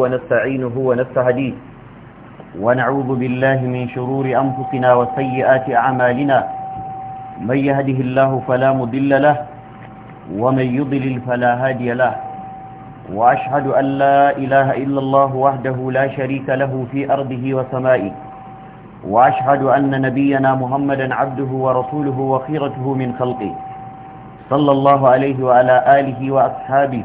ونستعينه ونستهديه ونعوذ بالله من شرور أنفسنا وسيئات أعمالنا من يهده الله فلا مضل له ومن يضلل فلا هادي له وأشهد أن لا إله إلا الله وحده لا شريك له في أرضه وسمائه وأشهد أن نبينا محمدا عبده ورسوله وخيرته من خلقه صلى الله عليه وعلى آله وأصحابه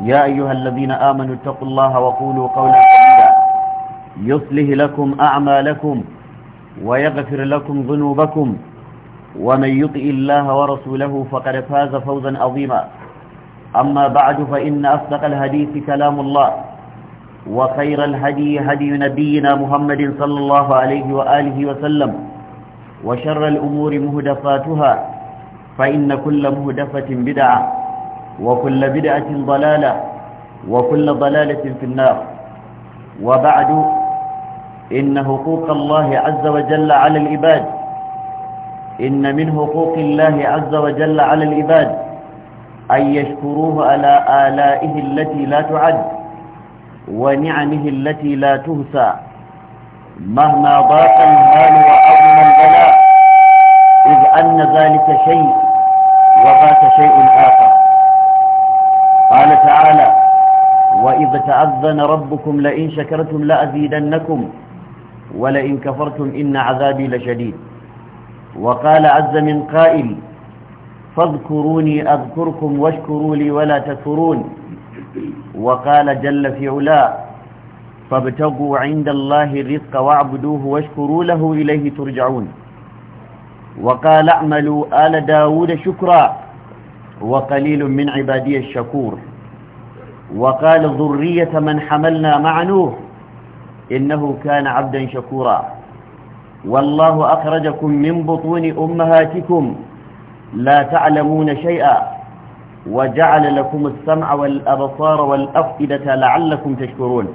يا أيها الذين آمنوا اتقوا الله وقولوا قولا سديدا يصلح لكم أعمالكم ويغفر لكم ذنوبكم ومن يطع الله ورسوله فقد فاز فوزا عظيما أما بعد فإن أصدق الحديث كلام الله وخير الهدي هدي نبينا محمد صلى الله عليه وآله وسلم وشر الأمور مهدفاتها فإن كل مهدفة بدعة وكل بدعة ضلالة وكل ضلالة في النار وبعد إن حقوق الله عز وجل على العباد إن من حقوق الله عز وجل على العباد أن يشكروه على آلائه التي لا تعد ونعمه التي لا تهسى مهما ضاق المال وأظم البلاء إذ أن ذلك شيء وبات شيء آخر قال تعالى وإذ تأذن ربكم لئن شكرتم لأزيدنكم ولئن كفرتم إن عذابي لشديد وقال عز من قائل فاذكروني أذكركم واشكروا لي ولا تكفرون وقال جل في علاء فابتغوا عند الله الرزق واعبدوه واشكروا له إليه ترجعون وقال اعملوا آل داود شكرا وقليل من عبادي الشكور وقال ذرية من حملنا مع نوح إنه كان عبدا شكورا والله أخرجكم من بطون أمهاتكم لا تعلمون شيئا وجعل لكم السمع والأبصار والأفئدة لعلكم تشكرون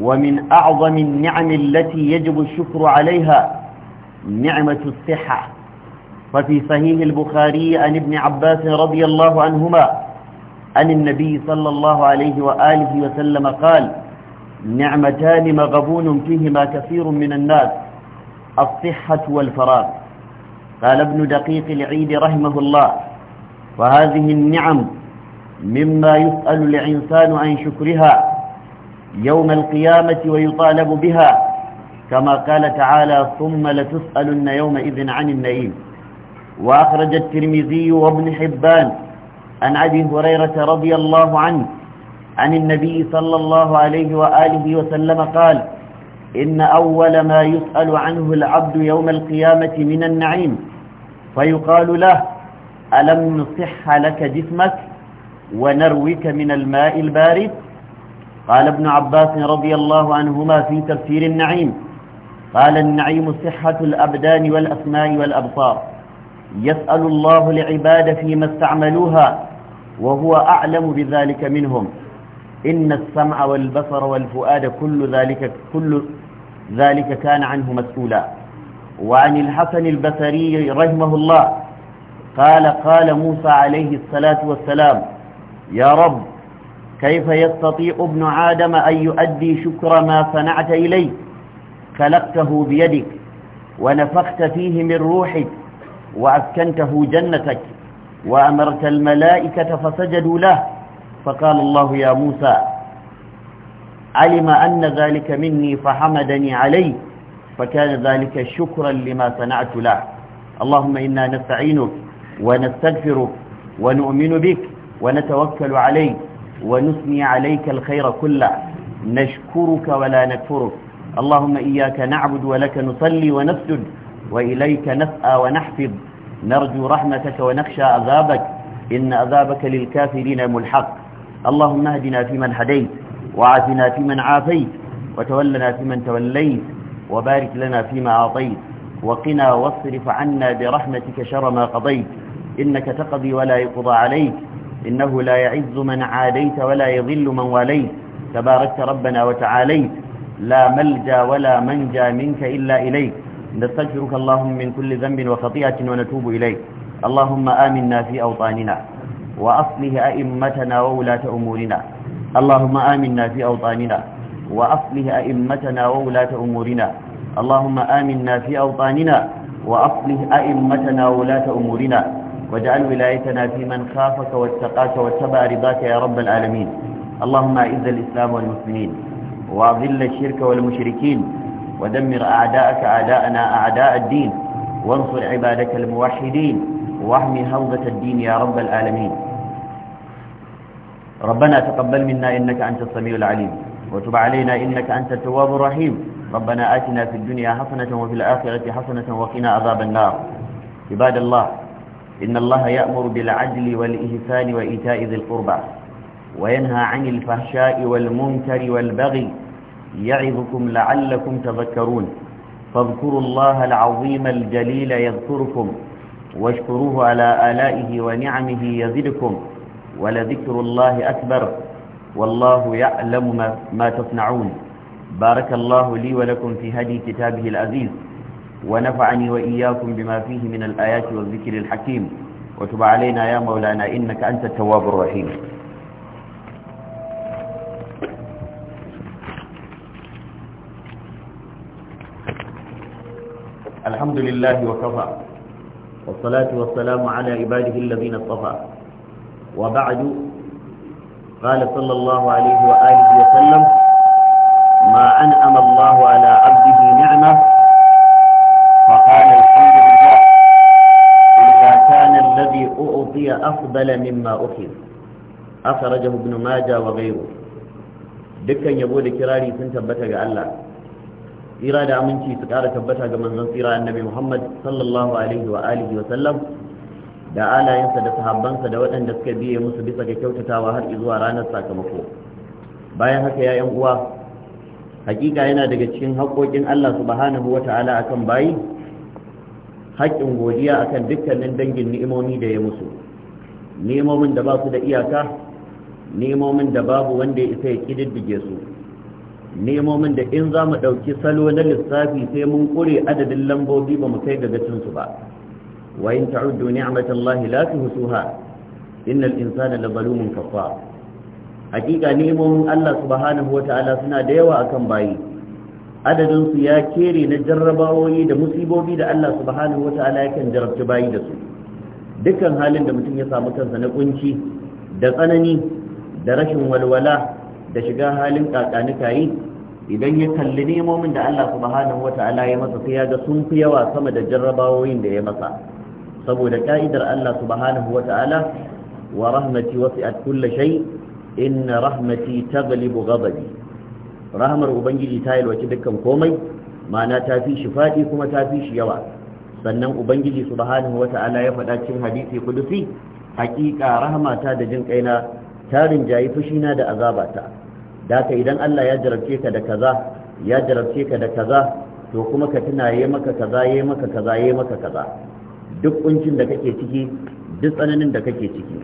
ومن أعظم النعم التي يجب الشكر عليها نعمة الصحة ففي صحيح البخاري عن ابن عباس رضي الله عنهما عن النبي صلى الله عليه وآله وسلم قال نعمتان مغبون فيهما كثير من الناس الصحة والفراغ قال ابن دقيق العيد رحمه الله وهذه النعم مما يسأل الإنسان عن شكرها يوم القيامة ويطالب بها كما قال تعالى ثم لتسألن يومئذ عن النعيم وأخرج الترمذي وابن حبان عن أبي هريرة رضي الله عنه عن النبي صلى الله عليه وآله وسلم قال إن أول ما يسأل عنه العبد يوم القيامة من النعيم فيقال له ألم نصح لك جسمك ونروك من الماء البارد قال ابن عباس رضي الله عنهما في تفسير النعيم قال النعيم صحة الأبدان والأسماء والأبصار يسأل الله لعباد فيما استعملوها وهو أعلم بذلك منهم إن السمع والبصر والفؤاد كل ذلك كل ذلك كان عنه مسؤولا وعن الحسن البصري رحمه الله قال قال موسى عليه الصلاة والسلام يا رب كيف يستطيع ابن آدم أن يؤدي شكر ما صنعت إليه خلقته بيدك ونفخت فيه من روحك وأسكنته جنتك وأمرت الملائكة فسجدوا له فقال الله يا موسى علم أن ذلك مني فحمدني عليه فكان ذلك شكرا لما صنعت له اللهم إنا نستعينك ونستغفرك ونؤمن بك ونتوكل عليك ونثني عليك الخير كله نشكرك ولا نكفرك اللهم إياك نعبد ولك نصلي ونسجد وإليك نسأى ونحفظ نرجو رحمتك ونخشى عذابك إن عذابك للكافرين ملحق اللهم اهدنا فيمن هديت وعافنا فيمن عافيت وتولنا فيمن توليت وبارك لنا فيما أعطيت وقنا واصرف عنا برحمتك شر ما قضيت إنك تقضي ولا يقضى عليك إنه لا يعز من عاديت ولا يضل من واليت تباركت ربنا وتعاليت لا ملجا ولا منجا منك إلا إليك نستغفرك اللهم من كل ذنب وخطيئة ونتوب إليك اللهم آمنا في أوطاننا وأصله أئمتنا وولاة أمورنا اللهم آمنا في أوطاننا وأصله أئمتنا وولاة أمورنا اللهم آمنا في أوطاننا وأصله أئمتنا وولاة أمورنا واجعل ولايتنا في من خافك واتقاك واتبع رضاك يا رب العالمين اللهم أعز الإسلام والمسلمين وأضل الشرك والمشركين ودمر أعداءك أعداءنا أعداء الدين وانصر عبادك الموحدين واحمي هوضة الدين يا رب العالمين ربنا تقبل منا إنك أنت السميع العليم وتب علينا إنك أنت التواب الرحيم ربنا آتنا في الدنيا حسنة وفي الآخرة حسنة وقنا عذاب النار عباد الله إن الله يأمر بالعدل والإحسان وإيتاء ذي القربى وينهى عن الفحشاء والمنكر والبغي يعظكم لعلكم تذكرون فاذكروا الله العظيم الجليل يذكركم واشكروه على آلائه ونعمه يزدكم ولذكر الله أكبر والله يعلم ما, ما تصنعون بارك الله لي ولكم في هدي كتابه العزيز ونفعني وإياكم بما فيه من الآيات والذكر الحكيم وتب علينا يا مولانا إنك أنت التواب الرحيم الحمد لله وكفى والصلاة والسلام على عباده الذين اصطفى وبعد قال صلى الله عليه وآله وسلم ما أنعم الله على عبده نعمة فقال الحمد لله إلا كان الذي أعطي أفضل مما أخذ أخرجه ابن ماجه وغيره دكا يقول كراري سنتبتك الله tsira da aminci su ƙara tabbata ga manzon tsira annabi Muhammad sallallahu alaihi wa alihi wa sallam da alayensa da sahabbansa da waɗanda suka biye musu bisa ga kyautatawa har zuwa ranar sakamako bayan haka ya uwa hakika yana daga cikin haƙoƙin Allah subhanahu wa ta'ala akan bayi haƙƙin godiya akan dukkanin dangin ni'imomi da ya musu ni'imomin da ba su da iyaka ni'imomin da babu wanda ya isa ya kididdige su nemomin da in za mu ɗauki salo na lissafi sai mun ƙure adadin lambobi ba mu kai ga gacinsu ba wa in ta'uddu ni'matallahi la husuha. innal insana lazalumun kafar hakika nemomin Allah subhanahu wata'ala suna da yawa akan bayi adadin su ya kere na jarrabawoyi da musibobi da Allah subhanahu wata'ala yakan jarabci bayi da su dukkan halin da mutum ya samu kansa na kunci da tsanani da rashin walwala da shiga halin kakanika yi idan ya kalli nemomin da Allah subhanahu wata'ala ya masa sai ya ga sun fi yawa sama da jarrabawoyin da ya masa saboda ka'idar Allah subhanahu wata'ala wa rahmati wasi'at kulli shay inna rahmati taghlibu ghadabi rahmar ubangiji ta yalwaci dukkan komai ma'ana ta fi shi fadi kuma ta fi shi yawa sannan ubangiji subhanahu wata'ala ya faɗa cikin hadisi kudusi haƙiƙa ta da jin kaina rinjayi fushi fushina da azabata da ka idan Allah ya jarabce ka da kaza ya jarabce ka da kaza to kuma ka tuna yayi maka kaza yayi maka kaza yayi maka kaza duk kuncin da kake ciki duk tsananin da kake ciki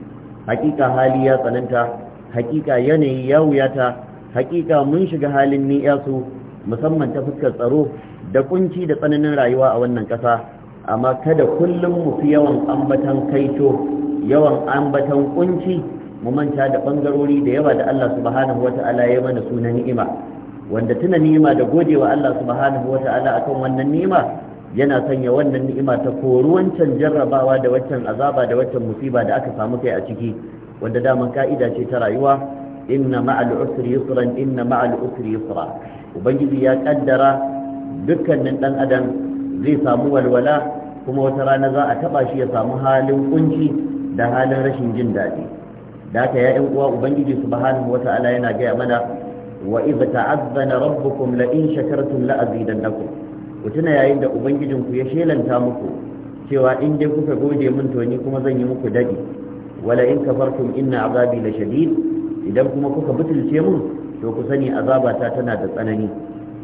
hakika hali ya tsananta hakika yanayi ya wuyata hakika mun shiga halin ni'yasu musamman ta fuskar tsaro da kunci da tsananin rayuwa a wannan ƙasa amma kada kullum mu fi yawan ambatan kaito yawan ambatan kunci mu manta da bangarori da yawa da Allah subhanahu ta'ala ya mana sunan ni'ima wanda tuna ni'ima da godewa Allah subhanahu ta'ala akan wannan ni'ima yana sanya wannan ni'ima ta kori wancan jarrabawa da waccan azaba da waccan musiba da aka samu kai a ciki wanda daman ka'ida ce ta rayuwa inna ma'al usri yusran inna ma'al usri yusra ubangiji ya kaddara dukkanin dan adam zai samu walwala kuma wata rana za a taba shi ya samu halin kunci da halin rashin jin daɗi da haka ya uwa ubangiji subhanahu wata'ala yana gaya mana wa idza ta'azzana rabbukum la in shakartum la azidannakum ku tuna yayin da ubangijin ku ya shelanta muku cewa in dai kuka gode mun to ni kuma zan yi muku dadi wala in kafartum inna azabi la shadid idan kuma kuka butulce mun to ku sani azabata tana da tsanani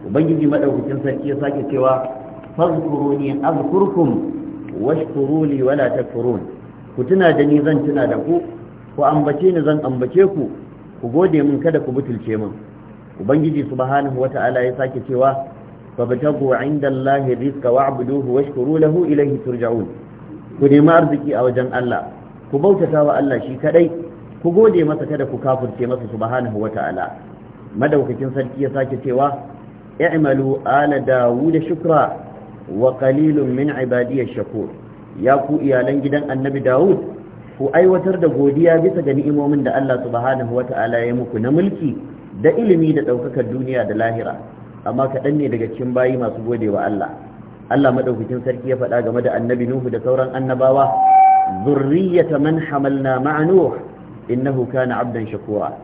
ubangiji madaukakin sarki ya sake cewa fazkuruni azkurkum washkuruli wala takfurun ku tuna da ni zan tuna da ku ku ambace ni zan ambace ku ku gode min kada ku butulce min ubangiji subhanahu wata'ala ya sake cewa fabtagu indallahi rizqa wa'buduhu washkuru lahu ilayhi turja'un ku nemi arziki a wajen Allah ku bautata wa Allah shi kadai ku gode masa kada ku kafirce masa subhanahu wata'ala madaukakin sarki ya sake cewa i'malu ala dawud shukra wa qalilun min ibadiyash shakur ya ku iyalan gidan annabi dawud ku aiwatar da godiya bisa ga ni'imomin da Allah subhanahu wata'ala ya muku na mulki da ilimi da ɗaukakar duniya da lahira amma kaɗan ne daga cikin bayi masu gode wa Allah Allah maɗaukacin sarki ya faɗa game da annabi Nuhu da sauran annabawa zurriyata man hamalna ma'a Nuh innahu kana abdan shakura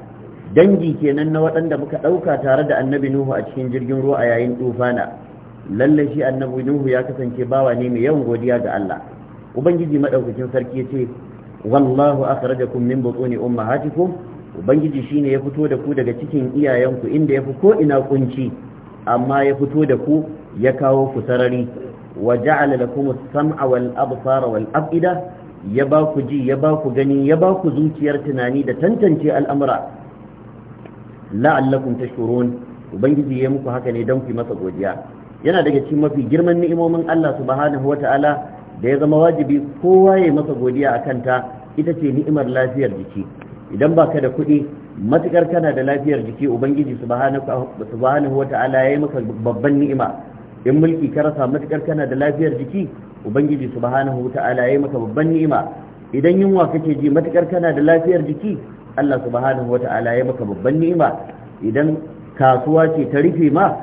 dangi kenan na waɗanda muka ɗauka tare da annabi Nuhu a cikin jirgin ruwa a yayin tufana lalle shi annabi Nuhu ya kasance bawa ne mai yawan godiya ga Allah ubangiji maɗaukacin sarki ya ce wallahu akhrajakum min butuni ummahatikum ubangiji shine ya fito da ku daga cikin iyayenku inda ya fi ko ina kunci amma ya fito da ku ya kawo ku sarari wa ja'ala lakum as-sam'a wal absara wal af'ida ya ba ku ji ya ba ku gani ya ba ku zuciyar tunani da tantance al'amura la'allakum tashkurun ubangiji ya muku haka ne don ku masa godiya yana daga cikin mafi girman ni'imomin Allah subhanahu ta'ala. da ya zama wajibi kowa ya masa godiya a kanta ita ce ni'imar lafiyar jiki idan baka da kuɗi matukar kana da lafiyar jiki ubangiji subhanahu wata'ala ya yi maka babban ni'ima in mulki ka rasa matukar kana da lafiyar jiki ubangiji subhanahu wata'ala ya yi maka babban ni'ima idan yunwa kake ji matukar kana da lafiyar jiki Allah subhanahu wata'ala ya maka babban ni'ima idan kasuwa ce ta rufe ma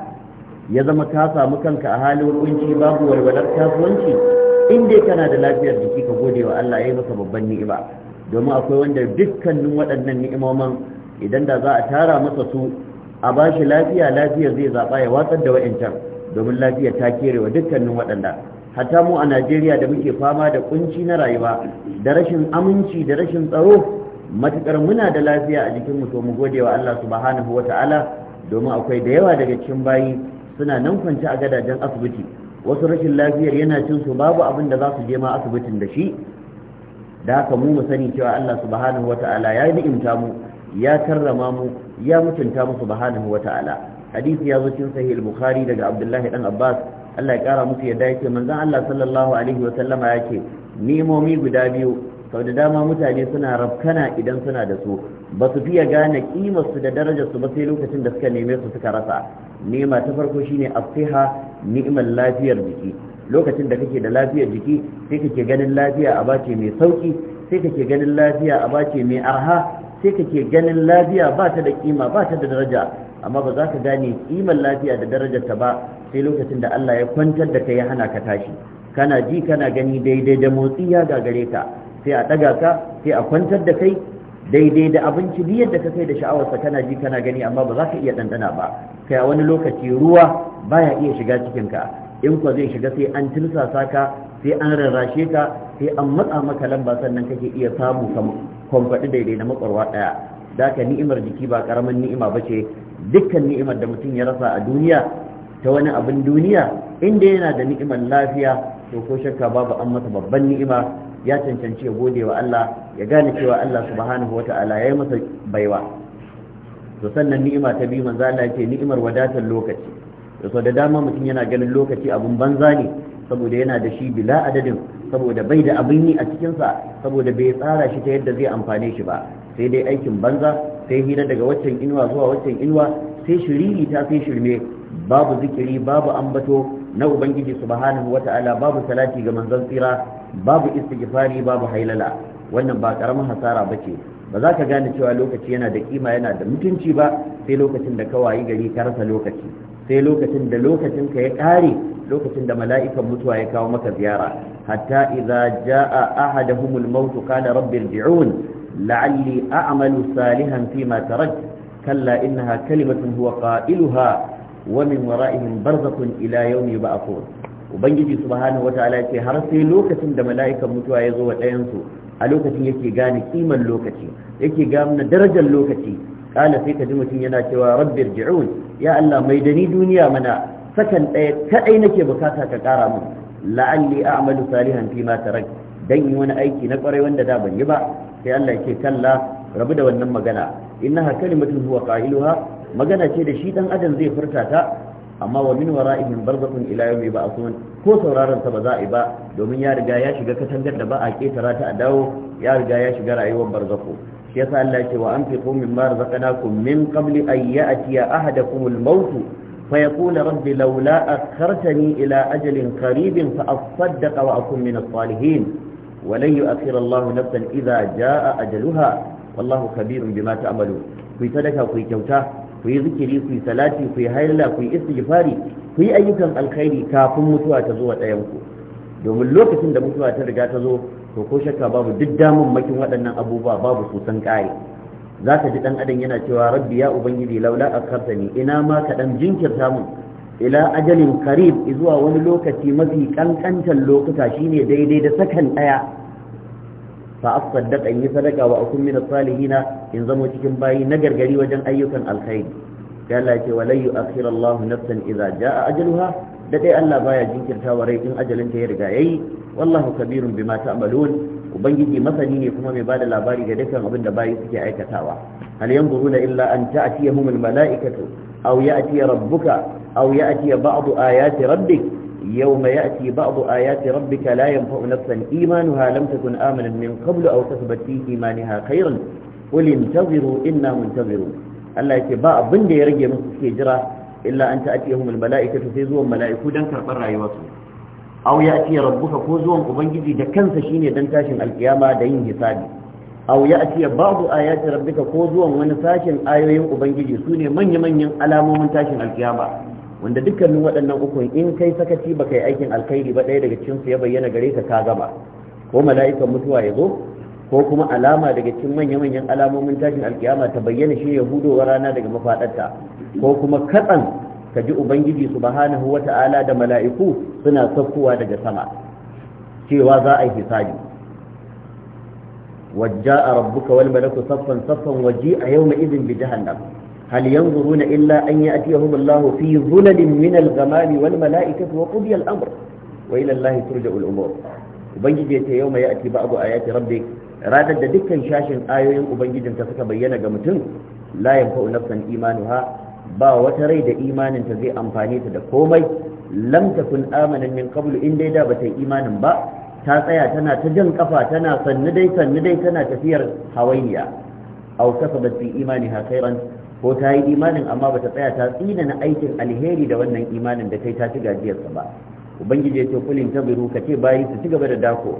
ya zama ka samu kanka a halin ruwanci babu walwalar kasuwanci in dai kana da lafiyar jiki ka gode wa Allah yi maka babban ni'ima domin akwai wanda dukkanin waɗannan ni'imomin idan da za a tara masa su a bashi lafiya lafiyar zai zaɓa ya watsar da wa'ancan domin lafiya ta kere wa dukkanin waɗanda hatta mu a Najeriya da muke fama da kunci na rayuwa da rashin aminci da rashin tsaro matukar muna da lafiya a jikinmu to mu gode wa Allah subhanahu wataala ta'ala domin akwai da yawa daga cikin bayi suna nan kwance a gadajen asibiti wasu rashin lafiyar yana cin su babu abin da za su je ma asibitin da shi da haka mu mu sani cewa Allah subhanahu wata'ala ya ni'imta mu ya karrama mu ya mutunta mu subhanahu wata'ala hadisi ya zo cikin sahih al-bukhari daga abdullahi dan abbas Allah ya kara musu yadda yake manzon Allah sallallahu alaihi wa sallama yake nemomi guda biyu sau da dama mutane suna rafkana idan suna da su ba su fiye gane kimarsu da darajarsu ba sai lokacin da suka neme su suka rasa nema ta farko shine asiha ni'imar lafiyar jiki lokacin da kake da lafiyar jiki sai kake ganin lafiya a bace mai sauki sai kake ganin lafiya a bace mai arha sai kake ganin lafiya ba ta da kima ba ta da daraja amma ba za ka gane kimar lafiya da darajarta ba sai lokacin da Allah ya kwantar da kai ya hana ka tashi kana ji kana gani daidai da motsi ya gagare ka sai a ɗaga ka sai a kwantar da kai daidai da abinci ni yadda ka kai da sha'awarsa kana ji kana gani amma ba za ka iya ɗanɗana ba kai a wani lokaci ruwa baya iya shiga cikin ka in ko zai shiga sai an tilsasa ka sai an rarrashe ka sai an matsa maka lamba sannan kake iya samu kwamfaɗi daidai na makwarwa ɗaya da ka ni'imar jiki ba ƙaramin ni'ima ba ce dukkan ni'imar da mutum ya rasa a duniya ta wani abin duniya inda yana da ni'imar lafiya to ko shakka babu an masa babban ni'ima ya cancanci ya gode wa Allah ya gane cewa Allah subhanahu wa ta'ala ya yi masa baiwa to sannan ni'ima ta biyu manzo Allah ce ni'imar wadatar lokaci to da dama mutum yana ganin lokaci abun banza ne saboda yana da shi bila adadin saboda bai da abin yi a cikinsa saboda bai tsara shi ta yadda zai amfane shi ba sai dai aikin banza sai hira daga waccan inuwa zuwa waccan inuwa sai shiriri ta sai shirme babu zikiri babu ambato na ubangiji subhanahu wata'ala babu salati ga manzon tsira babu istighfari babu hailala wannan ba karamin hasara bace ba za ka gane cewa lokaci yana da kima yana da mutunci ba sai lokacin da ka wayi gari ka rasa lokaci sai lokacin da lokacin ka ya kare lokacin da mala'ikan mutuwa ya kawo maka ziyara hatta idza jaa ahaduhumul maut qala rabbi irji'un la'alli a'malu salihan ma tarakt kalla innaha kalimatun huwa qailuha wa min wara'ihim barzakhun ila yawmi ba'thun ubangiji subhanahu wataala ce har sai lokacin da mala'ikan mutuwa ya zo wa ɗayan su a lokacin yake gane kiman lokaci yake gane darajar lokaci kala sai ka ji mutum yana cewa rabbi irji'un ya Allah mai dani duniya mana sakan ɗaya kadai nake bukata ka kara min la'alli a'malu salihan fi ma tarak dan yi wani aiki na kwarai wanda da ban yi ba sai Allah yake kalla rabu da wannan magana innaha kalimatun huwa qailuha magana ce da shi dan adam zai furta ta amma wa min wara'ihim barzakun ila a ba'thun ko sauraron ba za a yi ba domin ya riga ya shiga katangar da ba a ketara ta a dawo ya riga ya shiga rayuwar barzako shi yasa Allah ce wa anfiqu mimma razaqnakum min qabli an ya'tiya ahadakum al-maut fa kula rabbi laula kartani ila ajalin karibin fa da wa a min as-salihin ولن يؤخر الله نفسا إذا جاء أجلها والله خبير بما تعملون كي صدقة كي kyauta. ku yi zikiri ku yi salati ku yi haila ku yi istighfari ku yi ayyukan alkhairi kafin mutuwa ta zo ɗayanku. ɗayan ku domin lokacin da mutuwa ta riga ta zo to ko shakka babu duk makin waɗannan abubuwa babu su san ƙare za ka ji ɗan adam yana cewa rabbi ya ubangiji laula a ni, ina ma ka ɗan jinkirta mun ila ajalin karib zuwa wani lokaci mafi ƙanƙantan lokuta shine daidai da sakan ɗaya fa asaddaq in yi sadaka wa akun min salihina in zamo cikin bayi na gargari wajen ayyukan alkhairi sai Allah ya ce wa lan yu'akhira nafsan idza jaa ajaluha da dai Allah baya jinkirta wa rai in ajalin ta ya riga yayi wallahu kabirun bima ta'malun ubangiji masani ne kuma mai bada labari ga dukkan abin da bayi suke aikatawa hal yanzuruna illa an ta'tiyahum al mala'ikatu aw ya'ti rabbuka aw ya'ti ba'd ayati rabbi. يوم يأتي بعض آيات ربك لا ينفع نفسا إيمانها لم تكن آمنا من قبل أو تثبت في إيمانها خيرا قل انتظروا إنا منتظرون الله يكي با أبن دي رجي مصر جرا إلا أن تأتيهم الملائكة تفيزوا ملائكة دنك برا يوصل أو يأتي ربك فوزوا أبنجي دكان سشيني دنتاشن القيامة دين حسابي أو يأتي بعض آيات ربك فوزوا ونساشن آيوين أبنجي سوني من يمن يمن ألامو من تاشن القيامة wanda dukkanin waɗannan ukun, in kai sakaci baka yi aikin alkhairi ba ɗaya daga cikin ya bayyana gare ka ka gama ko mala'ikan mutuwa ya zo ko kuma alama daga cikin manya-manyan alamomin tashin alkiyama ta bayyana shi ya wa rana daga mafaɗarta ko kuma katsan ka ji ubangiji su subhanahu ta'ala da mala'iku suna saukowa daga sama cewa za a yi hisabi wajja'a rabbuka wal malaku saffan saffan waji a yau yawma izin bi jahannam هل ينظرون إلا أن يأتيهم الله في ظلل من الغمام والملائكة وقضي الأمر وإلى الله ترجع الأمور وبنجد يوم يأتي بعض آيات ربك ranar da dukkan shashin ayoyin ubangijinta suka bayyana ga mutum la yanfa'u nafsan ha ba wata rai da ta zai amfani ta da komai lamtafin amanannin kablu min qabl in da bata imanin ba ta tsaya tana ta jan kafa tana sannu dai dai tana tafiyar hawainiya aw kasabat fi imaniha ko ta yi imanin amma ba ta tsaya ta tsina na aikin alheri da wannan imanin da kai ta ci gajiyarsa ba ubangiji ya ce kulin tabiru ka ce bayi su ci gaba da dako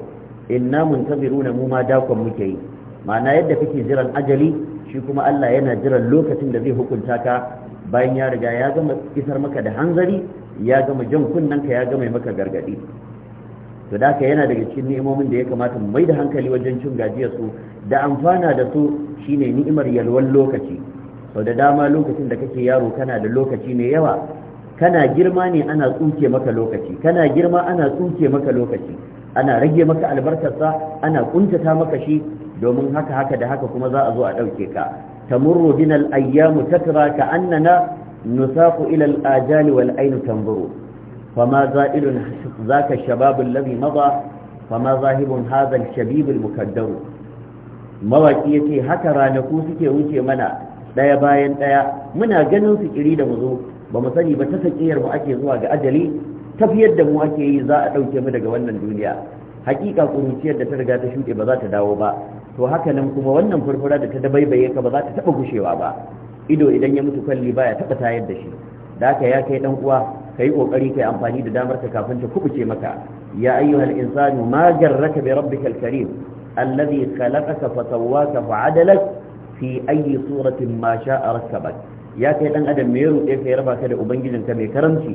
inna tabiru na mu ma dakon muke yi ma'ana yadda kake jiran ajali shi kuma Allah yana jiran lokacin da zai hukunta ka bayan ya riga ya gama isar maka da hanzari ya gama jan kunnen ka ya gama maka gargadi to da yana daga cikin ni'imomin da ya kamata mu mai da hankali wajen cin gajiyar su da amfana da su shine ni'imar yalwan lokaci sau da dama lokacin da kake yaro kana da lokaci mai yawa kana girma ne ana tsuke maka lokaci kana girma ana tsuke maka lokaci ana rage maka albarkarsa ana kuntata maka shi domin haka haka da haka kuma za a zo a ɗauke ka murro, bina al-ayyamu tatra ka annana nusaqu ilal al-ajali wal ayn tanzuru fama za'ilun zaka shababu alladhi mada fama zahibun hadha al hazan al-mukaddaru mawaki yace haka ranaku suke wuce mana ɗaya bayan ɗaya muna ganin fikiri da mu zo ba mu sani ba ta sakiyar mu ake zuwa ga ajali tafiyar da mu ake yi za a ɗauke mu daga wannan duniya hakika kuruciyar da ta riga ta shuɗe ba za ta dawo ba to haka nan kuma wannan furfura da ta dabaibaye ka ba za ta taɓa gushewa ba ido idan ya mutu kwalli baya taɓa tayar da shi da haka ya kai ɗan uwa ka yi ƙoƙari ka yi amfani da damar ka kafin ta kubuce maka ya ayyuhal insanu ma garraka bi rabbikal karim alladhi khalaqaka fa sawwaka fa adalak fi ayi suratin ma sha'a rakkabak ya kai dan adam me ruɗe ka ya raba ka da ka mai karamci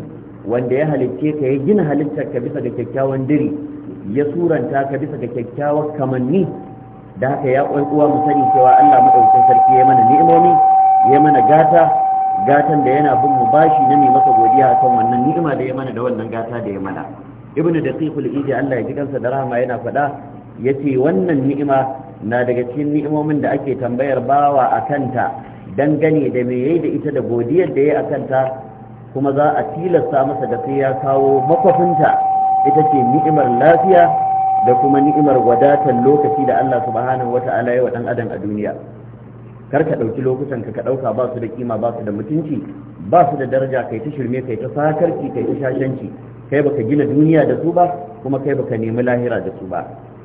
wanda ya halicce ka ya gina halittar ka bisa ga kyakkyawan diri ya suranta ka bisa ga kyakkyawan kamanni da haka ya uwa mu sani cewa Allah madaukakin sarki ya mana ni'imomi ya mana gata gatan da yana bin mu bashi na mai masa godiya kan wannan ni'ima da ya mana da wannan gata da ya mana ibnu daqiqul idi Allah ya ji kansa da rahama yana faɗa yace wannan ni'ima na daga cikin ni'imomin da ake tambayar bawa a kanta dangane da me yayi da ita da godiyar da yayi a kanta kuma za a tilasta masa da sai ya kawo makwafinta ita ce ni'imar lafiya da kuma ni'imar wadatar lokaci da Allah subhanahu wata'ala ya wa dan adam a duniya kar ka ɗauki lokutan ka ka ɗauka ba su da kima ba su da mutunci ba su da daraja kai ta shirme kai ta fakarki kai ta shashanci kai baka gina duniya da su ba kuma kai baka nemi lahira da su ba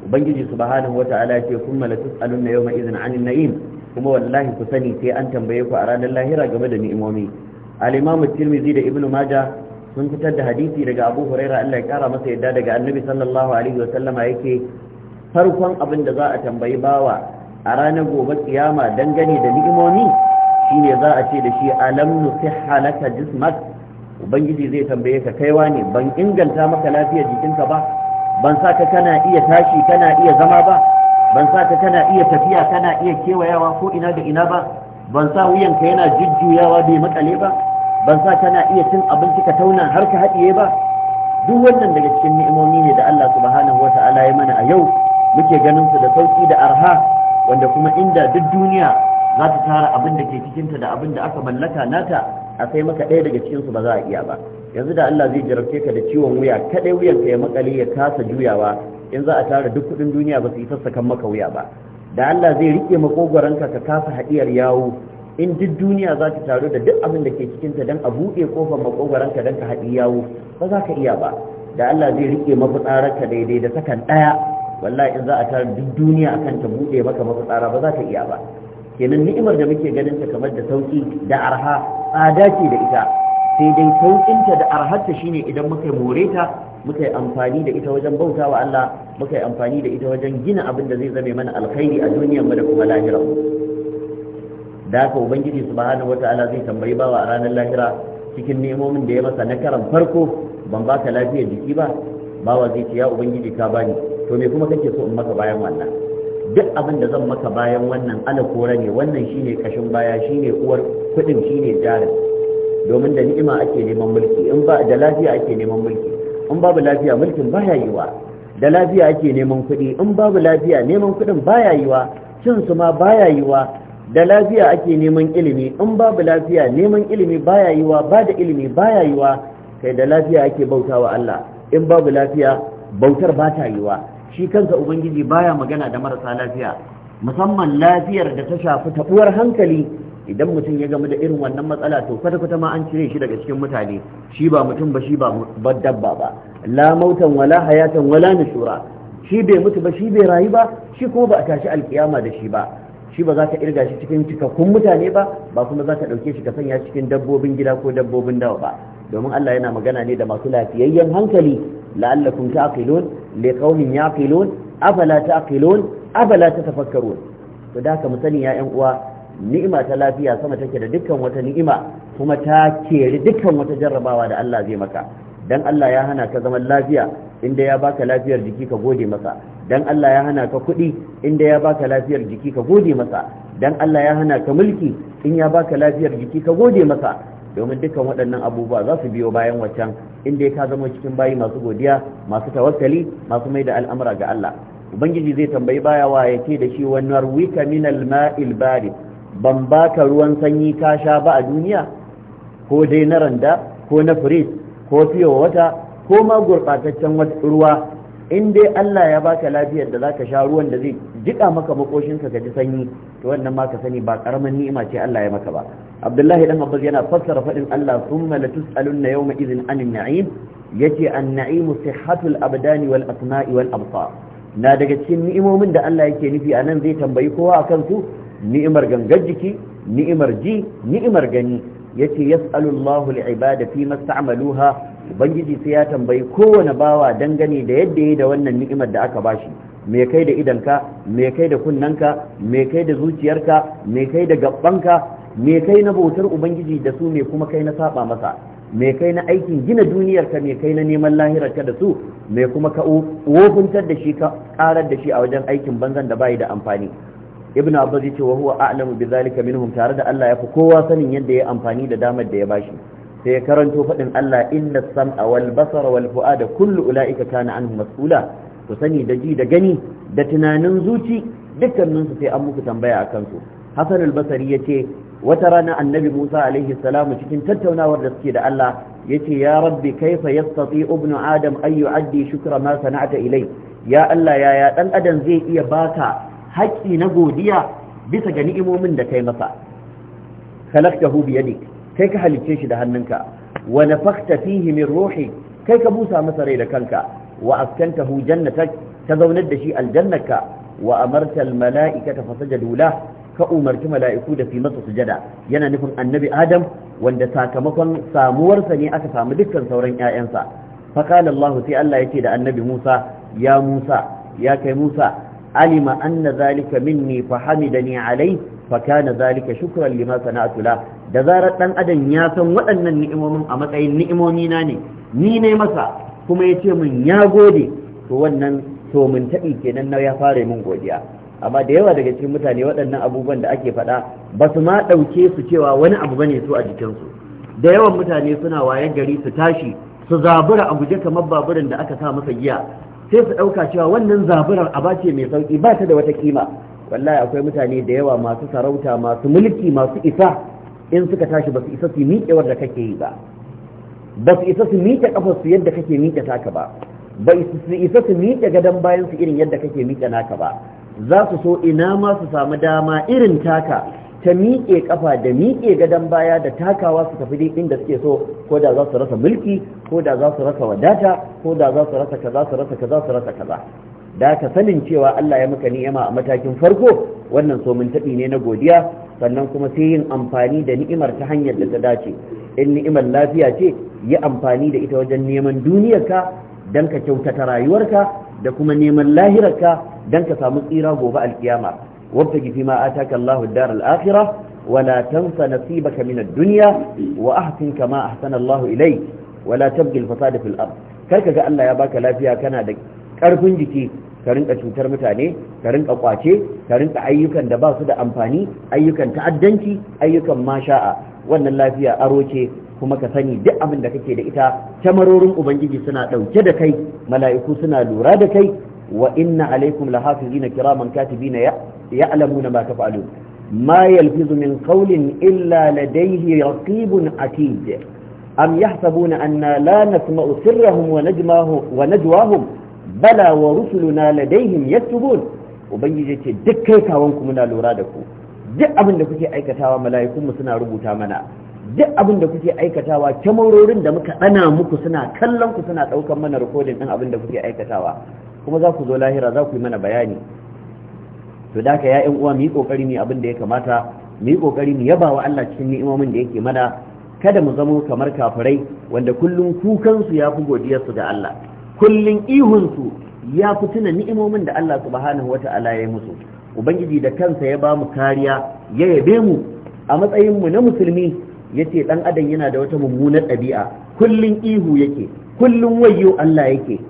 ubangiji subhanahu wata'ala ya ce kuma yau tus'alunna yawma idhin 'anil na'im kuma wallahi ku sani sai an tambaye ku a ranar lahira game da ni'imomi al-imam tirmidhi da ibnu majah sun fitar da hadisi daga abu huraira Allah ya kara masa yadda daga annabi sallallahu alaihi wasallama yake farkon abin da za a tambayi bawa a ranar gobe kiyama dangane da ni'imomi shine za a ce da shi alam nusihha laka jismak ubangiji zai tambaye ka kaiwa ne ban inganta maka lafiyar jikinka ba ban sa ka kana iya tashi kana iya zama ba ban sa ka kana iya tafiya kana iya kewayawa ko ina da ina ba ban sa wuyanka yana jujjuyawa bai makale ba ban sa kana iya cin abinci ka tauna har ka haɗiye ba duk wannan daga cikin ni'imomi ne da Allah subhanahu wata'ala ya mana a yau muke ganin su da sauki da arha wanda kuma inda duk duniya za ta tara abin da ke cikinta da abin da aka mallaka nata a sai maka ɗaya daga cikin su ba za a iya ba yanzu da Allah zai jarabce ka da ciwon wuya kaɗai wuyan ka ya makale ya kasa juyawa in za a tara duk kudin duniya ba su yi sassakan maka wuya ba da Allah zai rike makogwaranka ka kasa haɗiyar yawo in duk duniya za ta taru da duk abin da ke cikinta don a buɗe ƙofar makogoranka don ka haɗi yawo ba za ka iya ba da Allah zai rike mafitsararka daidai da sakan ɗaya wallahi in za a tara duk duniya akan ta buɗe maka mafitsara ba za ka iya ba kenan ni'imar da muke ganin ta kamar da sauki da arha tsada ce da ita sai dai sauƙinta da arhatta shine idan muka more ta muka yi amfani da ita wajen bauta wa Allah muka yi amfani da ita wajen gina abin da zai zame mana alkhairi a duniyar mu da kuma lahira da ka ubangiji subhanahu wataala zai tambayi bawa a ranar lahira cikin nemomin da ya masa na karan farko ban baka lafiyar jiki ba bawa zai ce ya ubangiji ka bani to me kuma kake so in maka bayan wannan duk abin da zan maka bayan wannan ala kore ne wannan shine kashin baya shine uwar kudin shine jarin domin da ni'ima ake neman mulki in ba da lafiya ake neman mulki in babu lafiya mulkin baya yiwa da lafiya ake neman kuɗi in babu lafiya neman kuɗin baya yiwa cin su ma baya yiwa da lafiya ake neman ilimi in babu lafiya neman ilimi baya yiwa ba da ilimi baya yiwa kai da lafiya ake bautawa Allah in babu lafiya bautar ba ta yiwa shi kansa ubangiji baya magana da marasa lafiya musamman lafiyar da ta shafi tabuwar hankali idan mutum ya gamu da irin wannan matsala to kwata-kwata ma an cire shi daga cikin mutane shi ba mutum ba shi ba dabba ba la mautan wala hayatan wala nushura shi bai mutu ba shi bai rayu ba shi kuma ba a tashi alkiyama da shi ba shi ba za ta irga shi cikin cikakkun mutane ba ba kuma za ta ɗauke shi ka sanya cikin dabbobin gida ko dabbobin dawa ba domin Allah yana magana ne da masu lafiyayyen hankali la'allakum taqilun li qaumin yaqilun afala taqilun afala tatafakkarun to da ka musani ya ƴan uwa ni'ima ta lafiya sama take da dukkan wata ni'ima kuma ta keri dukkan wata jarrabawa da Allah zai maka dan Allah ya hana ka zaman lafiya inda ya baka lafiyar jiki ka gode maka. dan Allah ya hana ka kuɗi inda ya baka lafiyar jiki ka gode maka. dan Allah ya hana ka mulki in ya baka lafiyar jiki ka gode maka. domin dukkan waɗannan abubuwa za su biyo bayan waccan inda ka zama cikin bayi masu godiya masu tawakkali masu mai da al'amura ga Allah ubangiji zai tambayi baya wa ya ce da shi wani narwika min al-ma'il barid ban baka ruwan sanyi ka sha ba a duniya ko dai na randa ko na firis ko fiye wata ko ma gurɓataccen ruwa in dai Allah ya baka lafiyar da zaka sha ruwan da zai jiƙa maka makoshinka ka ji sanyi to wannan ma ka sani ba karamin ni'ima ce Allah ya maka ba Abdullahi dan Abbas yana fassara fadin Allah thumma latus'alunna yawma idhin anin na'im yace an-na'imu sihhatul abdani wal asma'i wal absar na daga cikin ni'imomin da Allah yake nufi a nan zai tambayi kowa akan su ni'imar gangar jiki ni'imar ji ni'imar gani yace yas'alullahu al-ibada fi masta'maluha ubangiji sai ya tambayi kowane bawa dangane da yadda yayi da wannan ni'imar da aka bashi me kai da idanka me kai da kunnanka me kai da zuciyarka me kai da gabbanka me kai na bautar ubangiji da su me kuma kai na saba masa me kai na aikin gina duniyarka me kai na neman lahirarka da su me kuma ka wofuntar da shi ka karar da shi a wajen aikin banzan da bai da amfani ibn abbas yace wa huwa a'lamu bizalika minhum tare da Allah ya fi kowa sanin yadda ya amfani da damar da ya bashi sai ya karanto fadin Allah inna sam'a wal basara wal fu'ada kullu ulaika kana anhu mas'ula ku sani da ji da gani da tunanin zuci dukkaninsu sai an muku tambaya a kansu hasan albasari ya ce wata rana annabi musa alaihi salamu cikin tattaunawar da suke da allah ya ce ya rabbi kaifa yastati ubnu adam an addi shukra ma sana'ata ilai ya allah yaya dan adam zai iya baka haƙƙi na godiya bisa ga ni'imomin da kai masa khalaqtahu bi yadik kai ka halicce shi da hannunka wa nafakhta fihi min ruhi kai ka busa masa rai da kanka wa askantahu jannatak ka zaunar da shi aljannaka wa amarta almala'ikata fasajadu la ka umarci mala'iku da fi masa sujada yana nufin annabi adam wanda sakamakon samuwarsa ne aka samu dukkan sauran ƴaƴansa fa qala Allah sai Allah yake da annabi Musa ya Musa ya kai Musa alima anna min minni fa hamidani alai fa kana zalika shukran lima sana'tu la da zarar dan adam ya san waɗannan ni'imomin a matsayin ni'imomi na ne ni ne masa kuma ya ce min ya gode to wannan to mun taɓi kenan na ya fara mun godiya amma da yawa daga cikin mutane waɗannan abubuwan da ake faɗa ba su ma ɗauke su cewa wani abu bane su a jikinsu da yawan mutane suna wayan gari su tashi su zabura a guje kamar baburin da aka sa masa giya sai su ɗauka cewa wannan zaburar aba ce mai sauƙi ba ta da wata kima wallahi akwai mutane da yawa masu sarauta masu mulki masu isa in suka tashi ba su isa su yi miƙewar da kake yi ba ba su isa su miƙe ƙafarsu yadda kake miƙe taka ba ba su isa su miƙe gadon bayan su irin yadda kake miƙe naka ba za su so ina ma su samu dama irin taka ta miƙe ƙafa da miƙe gadon baya da takawa su tafi dai inda suke so ko da za su rasa mulki ko da za su rasa wadata ko da za su rasa kaza su rasa kaza su rasa kaza da ka sanin cewa Allah ya maka ni'ima a matakin farko wannan somin mun taɓi ne na godiya sannan kuma sai yin amfani da ni'imar ta hanyar da ta dace in ni'imar lafiya ce yi amfani da ita wajen neman duniyarka don ka kyautata rayuwarka da kuma neman lahirarka don ka samu tsira gobe alkiyama wabta gifi ma ataka Allahu dar al wa wala tansa nasibaka min ad-dunya wa ahsin kama ahsana Allahu ilayk wala tabghi al-fasada fil ard karka ga Allah ya baka lafiya kana da karfin jiki ka rinka cutar mutane ka rinka kwace ka rinka ayyukan da ba su da amfani ayyukan ta'addanci ayyukan masha'a wannan lafiya aro ce kuma ka sani duk abin da kake da ita tamarorin ubangiji suna ɗauke da kai mala'iku suna lura da kai wa inna alaikum lahafizina kiraman katibina ya'lamuna ma taf'alun ما يلفظ من قول إلا لديه رقيب عتيد أم يحسبون أن لا نسمع سرهم ونجماه ونجواهم bala wa rusuluna ladaihim yaktubun ubangiji ce duk kai kawon ku muna lura da ku duk abin da kuke aikatawa mala'ikun mu suna rubuta mana duk abin da kuke aikatawa kyamarorin da muka dana muku suna kallon ku suna daukan mana rikodin din abin da kuke aikatawa kuma za ku zo lahira za ku yi mana bayani to da ka ya'yan uwa mu yi kokari mu abin da ya kamata mu yi kokari mu yaba wa Allah cikin ni'imomin da yake mana kada mu zamo kamar kafirai wanda kullum kukansu ya fi godiyarsu ga Allah kullun ihunsu ya fi tuna ni'imomin da Allah subhanahu wata'ala ya yi musu ubangiji da kansa ya ba mu kariya ya yabe mu a matsayin mu na musulmi yace dan adam yana da wata mummunar ɗabi'a kullun ihu yake kullun wayyo Allah yake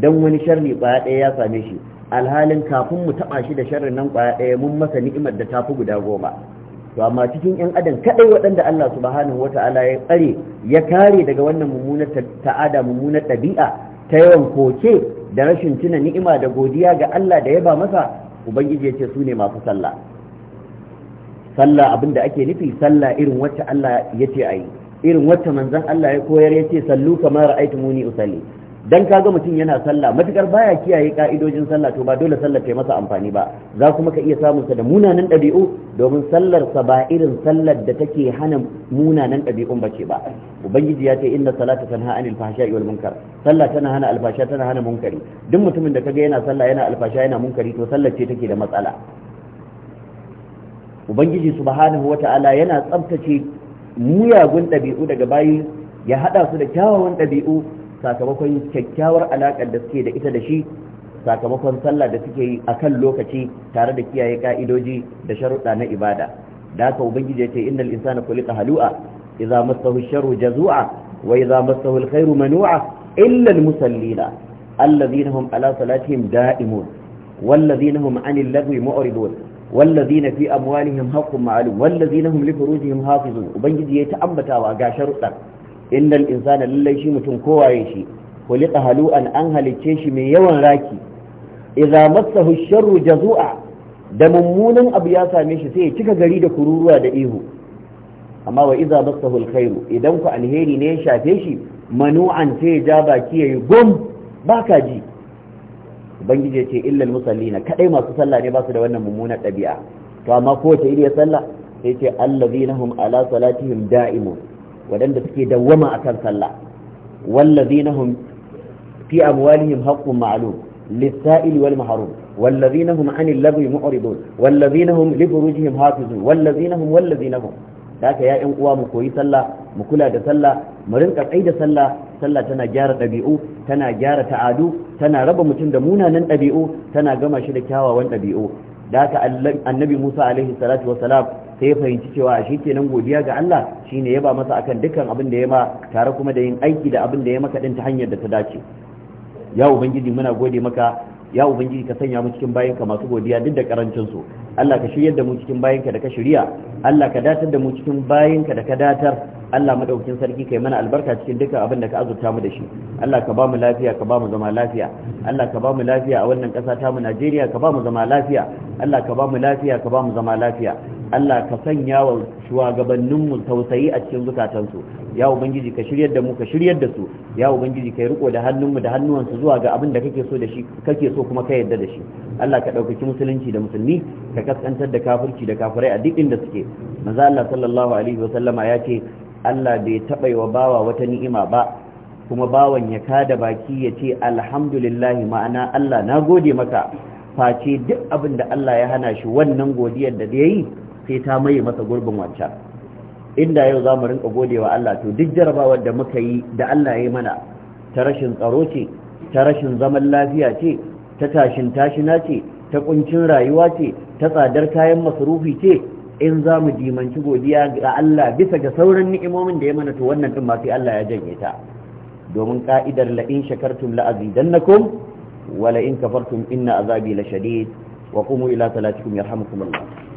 dan wani sharri ba ɗaya ya same shi alhalin kafin mu taɓa shi da sharrin nan kwaya ɗaya mun masa ni'imar da ta fi guda goma to amma cikin yan adam kadai waɗanda Allah subhanahu wata'ala ya tsare ya kare daga wannan mummunar ta'ada mummunar ɗabi'a ta yawan koke da rashin tuna ni'ima da godiya ga Allah da ya ba masa ubangiji ya ce su ne masu sallah sallah abin da ake nufi sallah irin wacce Allah ya ce a yi irin wacce manzon Allah ya koyar ya ce sallu kamar ra'aytumuni usalli dan kaga mutum yana sallah matukar baya kiyaye ka'idojin sallah to ba dole sallar ta masa amfani ba za kuma ka iya samun sa da munanan ɗabi'u domin sallar sa ba irin sallar da take hana munanan ɗabi'un bace ba ubangiji ya ce inna salata tanha anil fahsha'i wal munkar sallah tana hana alfasha tana hana munkari duk mutumin da kaga yana sallah yana alfasha yana munkari to sallar ce take da matsala ubangiji subhanahu wata'ala yana tsabtace muyagun ɗabi'u daga bayi ya hada su da kyawawan ɗabi'u sakamakon kyakkyawar alaƙar da suke da ita da shi sakamakon sallah da suke yi a kan lokaci tare da kiyaye ka'idoji da sharuɗa na ibada da haka ubangiji ya ce innal insana khuliqa halu'a idza massahu sharru jazu'a wa idza massahu alkhairu manu'a illa musallina alladhina hum ala salatihim da'imun walladhina hum 'anil lagwi mu'ridun walladhina fi amwalihim haqqun ma'lum walladhina hum li furujihim ubangiji ya ta ambatawa ga sharuɗa innal insana lallai shi mutum kowaye shi khuliqa halu'an an halicce shi mai yawan raki idza massahu sharru jazu'a da mummunan abu ya same shi sai ya cika gari da kururuwa da ihu amma wa idza massahu alkhairu idan ku alheri ne ya shafe shi manu'an sai ya ja baki yayi gum baka ji ubangiji ya ce illal musallina kadai masu sallah ne ba su da wannan mummunar ɗabi'a to amma kowace iri ya sallah sai ce allazina hum ala salatihim da'imun waɗanda suke dawwama akan sallah wallazina hum fi amwalihim haqqun ma'lum lis-sa'il wal mahrum wallazina hum 'anil lagwi mu'ridun wallazina hum li furujihim hafizun wallazina hum wallazina hum haka ya ƴan uwa mu koyi sallah mu kula da sallah mu rinka tsayi sallah sallah tana gyara ɗabi'u tana gyara ta'adu tana raba mutum da munanan ɗabi'u tana gama shi da kyawawan ɗabi'u da haka annabi Musa alaihi salatu wa salam sai ya fahimci cewa shi kenan godiya ga Allah shi ne ya ba masa akan dukkan abin da ya ma tare kuma da yin aiki da abin da ya maka ɗin ta hanyar da ta dace ya ubangiji muna gode maka ya ubangiji ka sanya mu cikin bayanka masu godiya duk da karancin su Allah ka shirya da mu cikin bayinka da ka shirya Allah ka datar da mu cikin bayinka da ka datar Allah madaukakin sarki kai mana albarka cikin dukkan abin da ka azurta mu da shi Allah ka ba mu lafiya ka ba mu zama lafiya Allah ka ba mu lafiya a wannan ƙasa ta mu Najeriya ka ba mu zama lafiya Allah ka ba mu lafiya ka ba mu zama lafiya Allah ka sanya wa shugabanninmu tausayi a cikin zukatansu ya ubangiji ka shiryar da mu ka shiryar da su ya ubangiji kai riko da hannunmu da hannuwansu zuwa ga abin da kake so da shi kake so kuma ka yarda da shi Allah ka ɗaukaki musulunci da musulmi Ka kaskantar da kafirci da kafirai a duk inda suke manzo Allah sallallahu alaihi wasallama ya ce Allah bai taɓa yi wa bawa wata ni'ima ba kuma bawan ya kada baki ya ce alhamdulillahi ma'ana Allah na gode maka face duk abin da Allah ya hana shi wannan godiyar da ya yi sai ta maye masa gurbin wancan inda yau za mu rinka godewa Allah to duk jarabawar da muka yi da Allah ya yi mana ta rashin tsaro ce ta rashin zaman lafiya ce ta tashin tashina ce ta kuncin rayuwa ce ta tsadar kayan masarufi ce in za mu dimanci godiya ga Allah bisa ga sauran ni'imomin da ya mana to wannan din ma sai Allah ya janye ta domin ka'idar la in shakartum la azidannakum wa la in kafartum inna azabi la shadid wa qumu ila salatikum yarhamukumullah